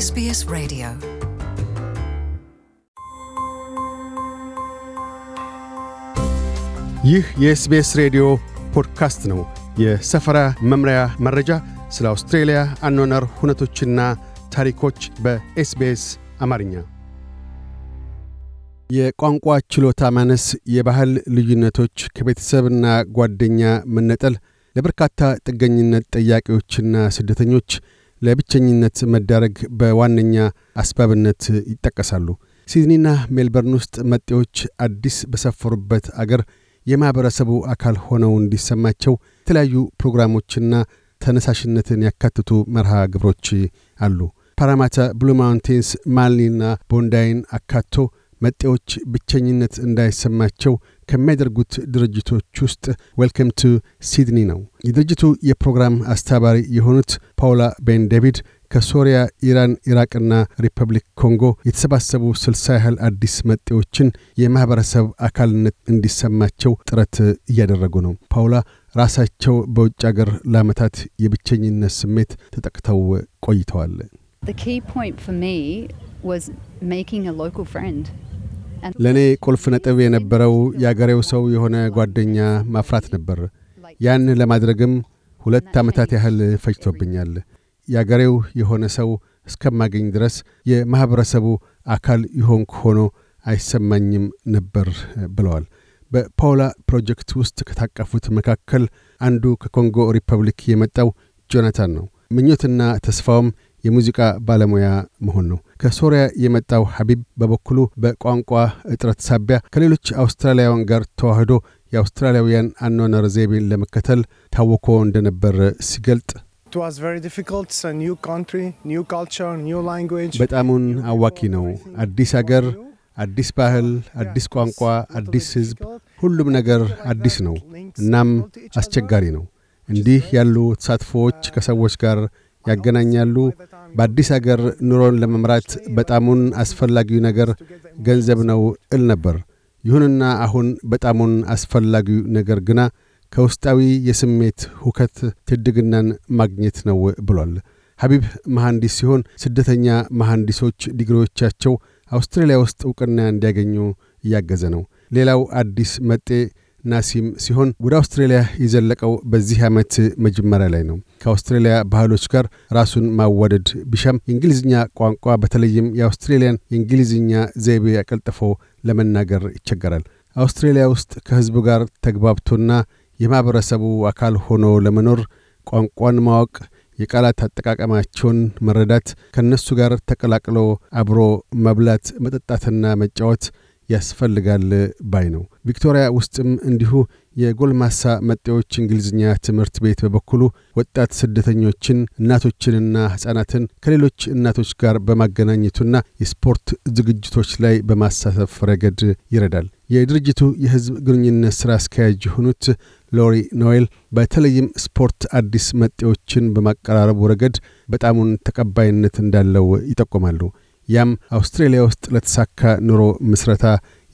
SBS Radio ይህ የኤስቢኤስ ሬዲዮ ፖድካስት ነው። የሰፈራ መምሪያ መረጃ፣ ስለ አውስትሬልያ አኗኗር ሁነቶችና ታሪኮች በኤስቢኤስ አማርኛ። የቋንቋ ችሎታ ማነስ፣ የባህል ልዩነቶች፣ ከቤተሰብና ጓደኛ መነጠል ለበርካታ ጥገኝነት ጠያቂዎችና ስደተኞች ለብቸኝነት መዳረግ በዋነኛ አስባብነት ይጠቀሳሉ። ሲድኒና ሜልበርን ውስጥ መጤዎች አዲስ በሰፈሩበት አገር የማኅበረሰቡ አካል ሆነው እንዲሰማቸው የተለያዩ ፕሮግራሞችና ተነሳሽነትን ያካትቱ መርሃ ግብሮች አሉ። ፓራማታ ብሉ ማውንቴንስ፣ ማልኒና ቦንዳይን አካቶ መጤዎች ብቸኝነት እንዳይሰማቸው ከሚያደርጉት ድርጅቶች ውስጥ ዌልከም ቱ ሲድኒ ነው። የድርጅቱ የፕሮግራም አስተባባሪ የሆኑት ፓውላ ቤን ዴቪድ ከሶሪያ፣ ኢራን፣ ኢራቅና ሪፐብሊክ ኮንጎ የተሰባሰቡ ስልሳ ያህል አዲስ መጤዎችን የማኅበረሰብ አካልነት እንዲሰማቸው ጥረት እያደረጉ ነው። ፓውላ ራሳቸው በውጭ አገር ለዓመታት የብቸኝነት ስሜት ተጠቅተው ቆይተዋል። The key point for me was making a local friend. ለእኔ ቁልፍ ነጥብ የነበረው የአገሬው ሰው የሆነ ጓደኛ ማፍራት ነበር። ያን ለማድረግም ሁለት ዓመታት ያህል ፈጅቶብኛል። የአገሬው የሆነ ሰው እስከማገኝ ድረስ የማኅበረሰቡ አካል ይሆንኩ ሆኖ አይሰማኝም ነበር ብለዋል። በፓውላ ፕሮጀክት ውስጥ ከታቀፉት መካከል አንዱ ከኮንጎ ሪፐብሊክ የመጣው ጆናታን ነው። ምኞትና ተስፋውም የሙዚቃ ባለሙያ መሆን ነው። ከሶሪያ የመጣው ሀቢብ በበኩሉ በቋንቋ እጥረት ሳቢያ ከሌሎች አውስትራሊያውያን ጋር ተዋህዶ የአውስትራሊያውያን አኗኗር ዘይቤን ለመከተል ታወኮ እንደነበር ሲገልጥ በጣሙን አዋኪ ነው። አዲስ አገር፣ አዲስ ባህል፣ አዲስ ቋንቋ፣ አዲስ ህዝብ ሁሉም ነገር አዲስ ነው። እናም አስቸጋሪ ነው። እንዲህ ያሉ ተሳትፎዎች ከሰዎች ጋር ያገናኛሉ። በአዲስ አገር ኑሮን ለመምራት በጣሙን አስፈላጊው ነገር ገንዘብ ነው እል ነበር። ይሁንና አሁን በጣሙን አስፈላጊው ነገር ግና ከውስጣዊ የስሜት ሁከት ትድግናን ማግኘት ነው ብሏል። ሀቢብ መሐንዲስ ሲሆን ስደተኛ መሐንዲሶች ዲግሪዎቻቸው አውስትራሊያ ውስጥ ዕውቅና እንዲያገኙ እያገዘ ነው። ሌላው አዲስ መጤ ናሲም ሲሆን ወደ አውስትራሊያ የዘለቀው በዚህ ዓመት መጀመሪያ ላይ ነው። ከአውስትሬልያ ባህሎች ጋር ራሱን ማዋደድ ቢሻም የእንግሊዝኛ ቋንቋ በተለይም የአውስትሬሊያን የእንግሊዝኛ ዘይቤ አቀልጥፎ ለመናገር ይቸገራል። አውስትሬሊያ ውስጥ ከሕዝቡ ጋር ተግባብቶና የማኅበረሰቡ አካል ሆኖ ለመኖር ቋንቋን ማወቅ፣ የቃላት አጠቃቀማቸውን መረዳት፣ ከእነሱ ጋር ተቀላቅሎ አብሮ መብላት፣ መጠጣትና መጫወት ያስፈልጋል ባይ ነው። ቪክቶሪያ ውስጥም እንዲሁ የጎልማሳ መጤዎች እንግሊዝኛ ትምህርት ቤት በበኩሉ ወጣት ስደተኞችን እናቶችንና ሕፃናትን ከሌሎች እናቶች ጋር በማገናኘቱና የስፖርት ዝግጅቶች ላይ በማሳተፍ ረገድ ይረዳል። የድርጅቱ የሕዝብ ግንኙነት ሥራ አስኪያጅ የሆኑት ሎሪ ኖዌል በተለይም ስፖርት አዲስ መጤዎችን በማቀራረቡ ረገድ በጣሙን ተቀባይነት እንዳለው ይጠቁማሉ። ያም አውስትሬልያ ውስጥ ለተሳካ ኑሮ ምስረታ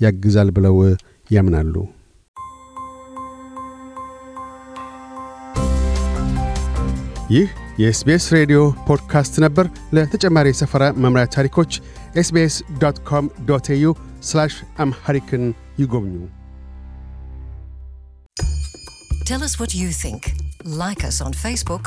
ያግዛል ብለው ያምናሉ። ይህ የኤስቤስ ሬዲዮ ፖድካስት ነበር። ለተጨማሪ የሰፈራ መምሪያ ታሪኮች ኤስቢኤስ ዶት ኮም ዶት ኤዩ አምሐሪክን ይጎብኙ። Tell us what you think. Like us on Facebook